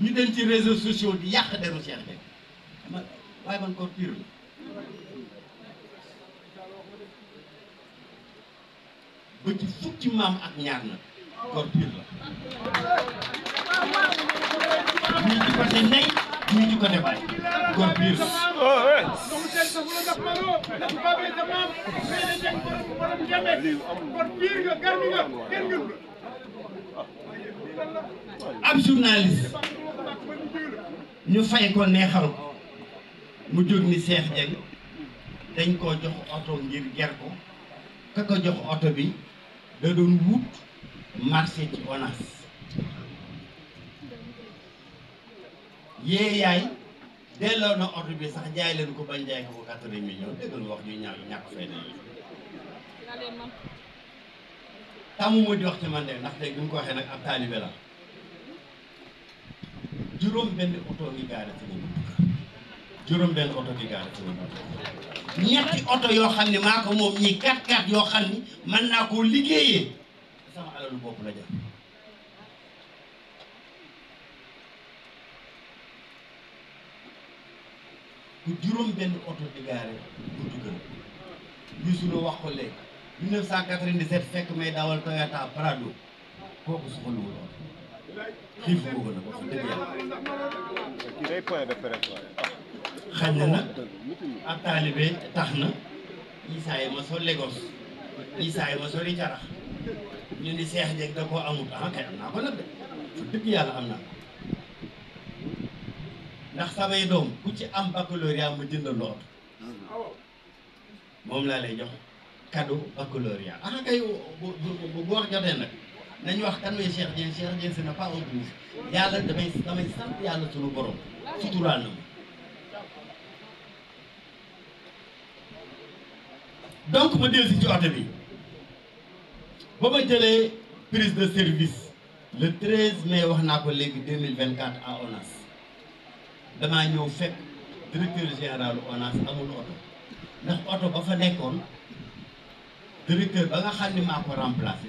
ñu dem ci réseaux sociaux di yàq deru Cheikh Dieng waaye man ko pire la ba ci maam ak ñaar na góor pire la ñii di ko ne nay ñii di ko ne bàyyi góor pire la ab ñu fay ko neexal ko mu jóg ni seex jeg dañ ko jox oto ngir ger ko ka ko jox oto bi da doon wut marché ci ONAS yée yaay delloo na oto bi sax jaay leen ko bañ jaay ko ko quatre millions déggal wax ñu ñaaw ñàkk fay na tàmm mu di wax ci man de ndax tey ko waxee nag ab taalibe la juróom benn oto ngi gaare ci li juróom benn oto di gaare ci li ñetti oto yoo xam ne maa ko moom ñii kat kat yoo xam ni mën naa koo liggéeyee sama alalu bopp la jël ku juróom benn oto di gaare bu duggal bisu la wax ko léegi 1997 fekk may dawal Toyota Prado kooku soxaluwul xiif boobu nag wax dëgg yàlla xañ na nag ak taalibe tax na isaay ma soo Lagos isaay ma soo li carax ñu ni seex jeg da koo amut ah kay am naa ko nag de dëgg yàlla am naa ndax samay doom ku ci am baccalauréat ma jënd lool moom laa lay jox cadeau baccalauréat ah kay bu bu bu jotee nag nañu wax kan mooy Cheikh Dieng Cheikh Dieng ce n'est pas yàlla damay damay sant yàlla sunu borom suturaal donc ma dellu ci oto bi ba ma jëlee prise de service le 13 mai wax naa ko léegi 2024 à ONAS damaa ñëw fekk directeur général ONAS amul oto ndax oto ba fa nekkoon directeur ba nga xam ne maa ko remplacé.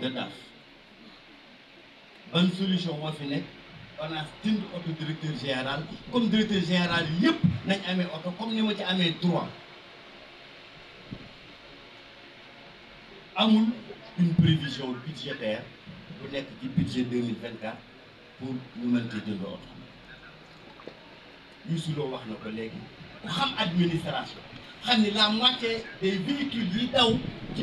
de DAF solution moo fi On un style directeur général comme directeur général il nañ amee oto comme ni ma ci amee droit amul une prévision budgétaire pour le budget 2024 pour nous mettre de l'ordre. Nous sommes suloo wax na ko léegi ku xam administration la moitié des véhicules yi daw ci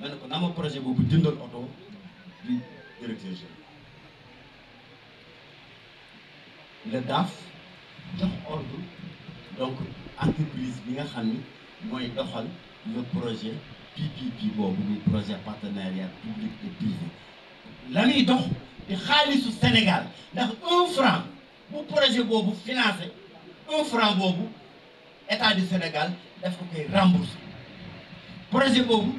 man ko na projet boobu dindal oto di directeur général le DAF jox ordre donc entreprise bi nga xam ni mooy doxal le projet PPP boobu muy projet partenariat public et privé la ñuy dox di xaalisu Sénégal ndax un franc bu projet boobu financé un franc boobu état du Sénégal daf ko koy remboursé projet boobu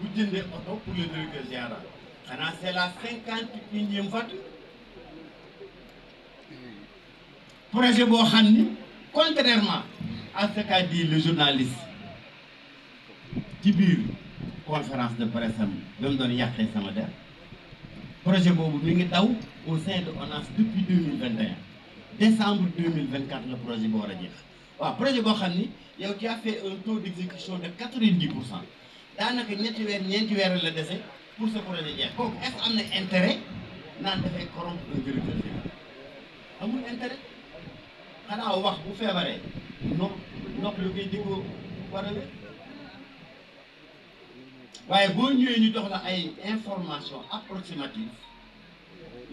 Vous des auto pour le que général là c'est la cinquante unième voiture projet Bohani, contrairement à ce qu'a dit le journaliste Tibur, conférence de presse le projet Bohani, mi au sein de ONAS depuis 2021 décembre 2024 le projet Bohani. Le projet boo il fait un taux d'exécution de 90 daanaka ñetti weer ñeenti weer la dese pour ce projet jeex kooku est-ce que am na intérêt naan dafay corrompre un directeur général amul intérêt xanaa wax bu feebaree nopp nopp lu koy déggoo war a waaye boo ñëwee ñu dox la ay information approximative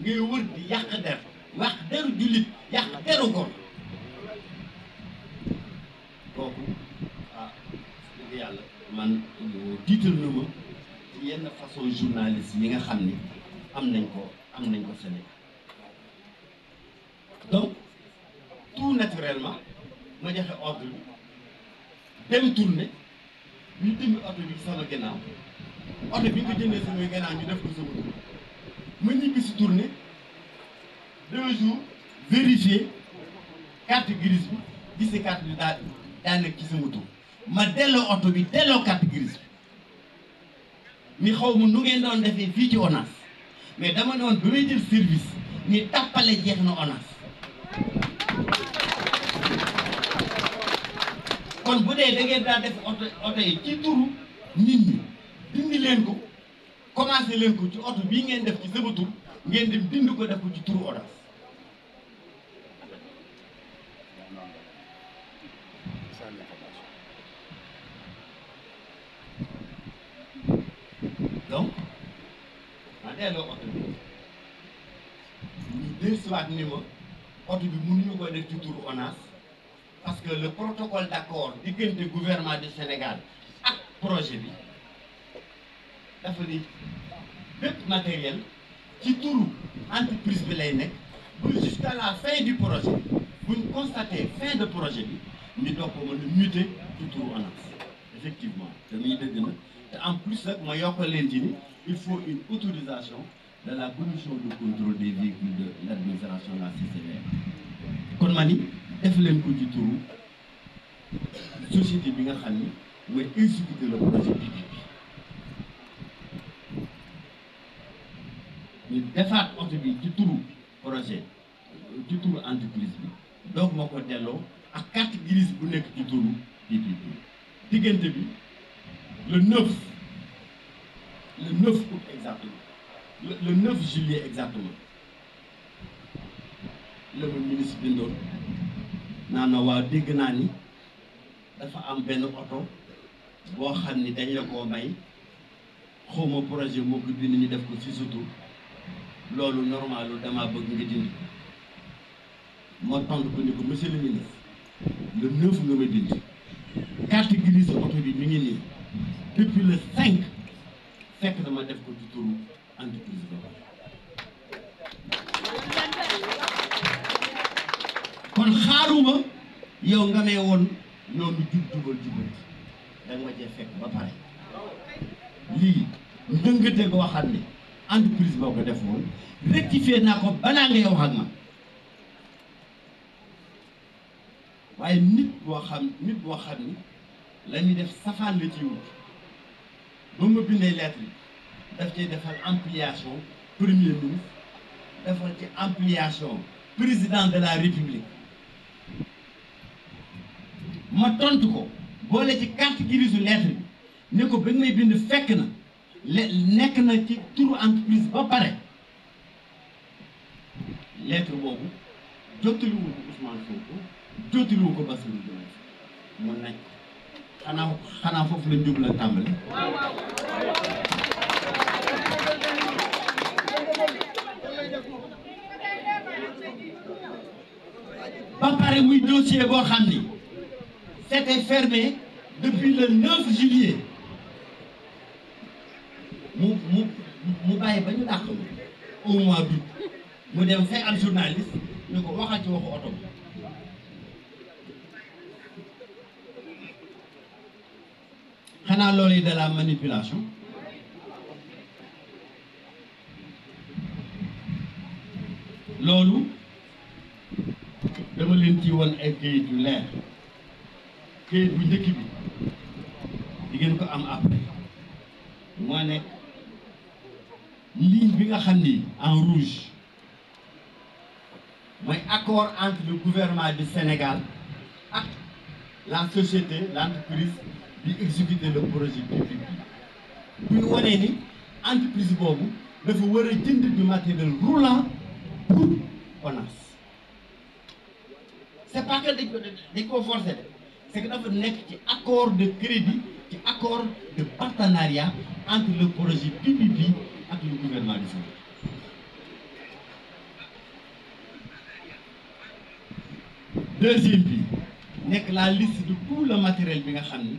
ngay wër di yàq der wax deru jullit yàq deru góor kooku ah dëgg yàlla man diital euh, na ci yenn façon journaliste yi nga xam ni am nañ ko am nañ ko Sénégal donc tout naturellement ma joxe ordre bi dem tourné ñu dindi oto bi sama gannaaw oto bi nga ko jëndee sama gannaaw ñu def ko sama tur ma ñibbi si tourné deux jours vérifier carte grise bi gis si carte bi daal daal nekk ci sama tur ma delloo oto bi delloo carte grise mi xaw ma nu ngeen doon defee fii ci ONAS mais dama ne woon bi may jël service ni tàppale jeex na ONAS kon bu dee da ngeen daa def oto oto yi ci turu nit ñi dindi leen ko commencé leen ko ci oto bii ngeen def ci sama tur ngeen dem dindi ko def ko ci turu ONAS Donc, dès lors oto bi ñu dellusiwaat ni ne oto pas mënuñu koy def parce que le protocole d'accord du gouvernement du Sénégal a projet bi a ni le matériel ci turu entreprise bi lay jusqu'à la fin du projet constater la fin de projet nous devons nous muter ci turu effectivement te muy na en plus ma il faut une autorisation de la commission de contrôle des véhicules de l'administration de la CCR. kon je ni def leen ko ci société bi nga est exécutée mooy le projet public bi ñu defaat du bi ci turu projet ci turu entreprise bi donc moo ko delloo ak carte grise bu nekk ci turu PPP le bi le 9 le 9 août exactement le, 9 juillet exactement le ministre bindoon nana wa waaw dégg naa ni dafa am benn oto boo xam ni dañ la koo may xawma projet moo ko bind ñu def ko ci surtout loolu normalu dama bëgg nga dindi ma tontu ko ni ko monsieur le ministre le 9 nga ma dindi carte grise oto bi mi ngi nii depuis le 5 fekk na def ko ci turu entreprise locale kon xaaruma yow nga nee woon noonu jub jubal jubal da nga ma cee fekk ba pare lii ndëngate boo xam ne entreprise boo ko def woon rectifier naa ko balaa ngay wax ak man waaye nit boo xam nit boo xam ni lañu def safaan la ciy wut ba ma bindee lettre yi daf cay defal ampliation premier ministre defal ci ampliation président de la république ma tontu ko boole ci carte grise lettre bi ne ko ba may bind fekk na le nekk na ci turu entreprise ba pare lettre boobu jottaliwu ko Ousmane Sonko ko Bassirou mu nañ xanaa xanaa foofu la jublu tàmbali ba pare muy dossier bo xamni c'était fermé depuis le 9 juillet mu mu mu bàyyi bañu ñu dàq au mois d'août mu dem fay al journaliste ñu ko waxal ci waxu auto xanaa de la manipulation loolu dama leen ci won ay l'air. yu leer kayit bu njëkk bi di ko am après en rouge mooy accord entre le gouvernement du Sénégal et la société l'entreprise d'exécuter exécuter le projet public Puis, buy ni entreprise boobu dafa war une du matériel roulant pour ONAS Ce n'est pas que des ko dañ que nekk accord de crédit un accord de partenariat entre le projet PPP et le gouvernement du Sénégal deuxième pays, nekk la liste de tout le matériel que nga avons.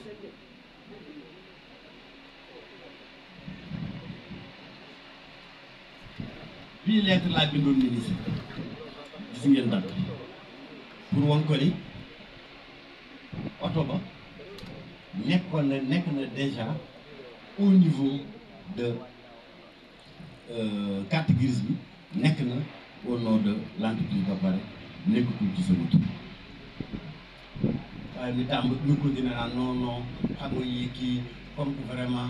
bii lettre laa bindoon ministre gis ngeen dàq pour wan ko ni oto ba nekkoon na nekk na déjà au niveau de euh, carte grise bi nekk na au nom de l'entreprise ba pare nekkatul ci sama tur waaye ni tàmb ñu ko dina naan xam nga yi kii comme vraiment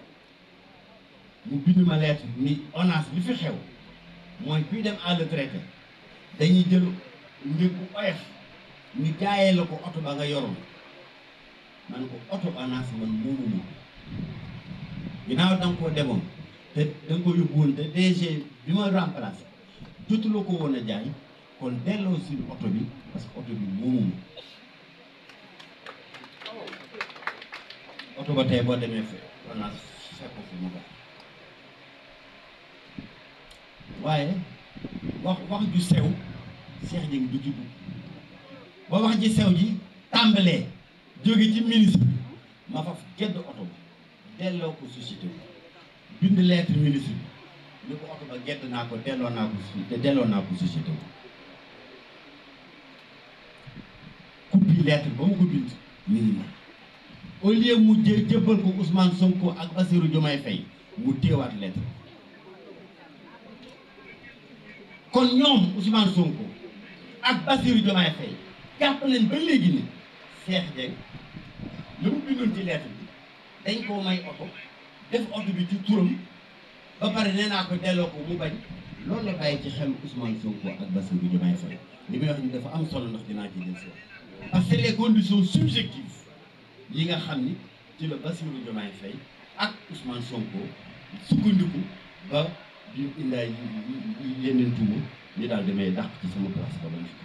mu bind ma lettre ni ONAS li fi xew mooy kuy dem à retraite dañuy jël njëg bu oyof ñu jaayee la ko oto ba nga yoroon man ko oto ONAS man moomu moom ginnaaw koo demoon te da nga ko yóbbuwoon te DG bi ma remplacé jotuloo ko woon a jaay kon delloo si oto bi parce que oto bi moomu oto ba tey boo demee fe ONAS fekk ko mu baax waaye wax wax ju sew Cheikh Dieng du ba wax ji sew ji tàmbalee jóge ci ministre bi ma faf gedd oto bi delloo ko société bind lettre ministre bi ko oto ba gedd naa ko delloo naa ko te delloo naa ba mu ko bind mi ngi ma au mu jë jëbbal ko Ousmane Sonko ak Bassirou Diomaye Faye mu téewaat lettre kon ñoom Ousmane Sonko ak Bassirou Diomaye Faye jàpp ba léegi ni Cheikh Dieng lu mu bindoon ci lettre bi dañ koo may oto def oto bi ci turam ba pare nee naa ko delloo ko mu bañ loolu la bàyyi ci xel Ousmane Sonko ak Bassirou Diomaye Faye li may wax ni dafa am solo ndax dinaa ci jël parce que les conditions subjectives yi nga xam ni ci la Bassirou Diomaye fay ak Ousmane Sonko sukkandiku ba bi billaay yeneen tuuma ñu daal demee dàq ci sama place ba ma nekk